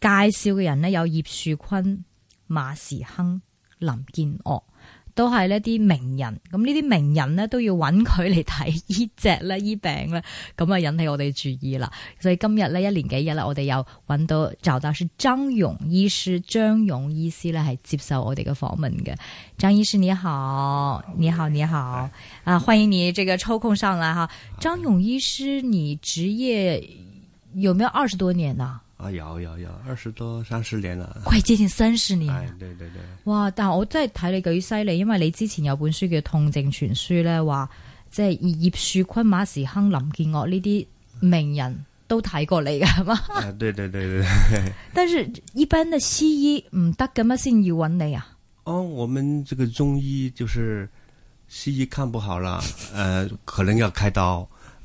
介紹嘅人呢，有葉樹坤、馬時亨、林建岳，哦，都係呢啲名人。咁呢啲名人呢，都要揾佢嚟睇醫只啦、醫病啦。咁啊引起我哋注意啦。所以今日呢，一連幾日啦，我哋又揾到就到張勇醫師，張勇醫師呢，係接受我哋嘅訪問嘅。張醫師你好，你好你好，啊歡迎你這個抽空上來哈。張勇醫師，你職業有沒有二十多年啊？啊有有有二十多三十年啦，快接近三十年，哎，對對對，哇但係我真係睇你幾犀利，因為你之前有本書叫《痛症全書》咧，話即係葉樹坤、馬時亨、林建岳呢啲名人都睇過你嘅係嘛？啊， 啊對對對對，但係一般嘅西醫唔得噶咩？先要揾你啊。哦，我們這個中醫就是西醫看不好啦，誒， 呃、可能要開刀。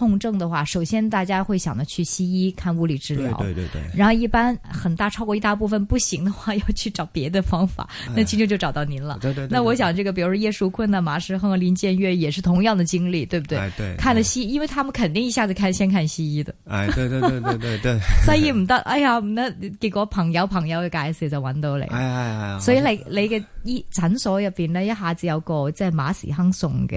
痛症的話，首先大家會想着去西醫看物理治療，對，對對對。然後一般很大超過一大部分不行的話，要去找別的方法。哎、那今天就找到您了。對對，對對。那我想這個，比如說葉淑坤吶、啊、馬時亨林建岳也是同樣的經歷，對不對？哎、對，對，對。看了西醫，因為他們肯定一下子看先看西醫的。哎，對對對對對對，對，對。西醫唔得，哎呀唔得，結果朋友朋友嘅介紹就揾到你、哎。所以你你嘅醫診所入邊咧，一下子有個即馬時亨送的。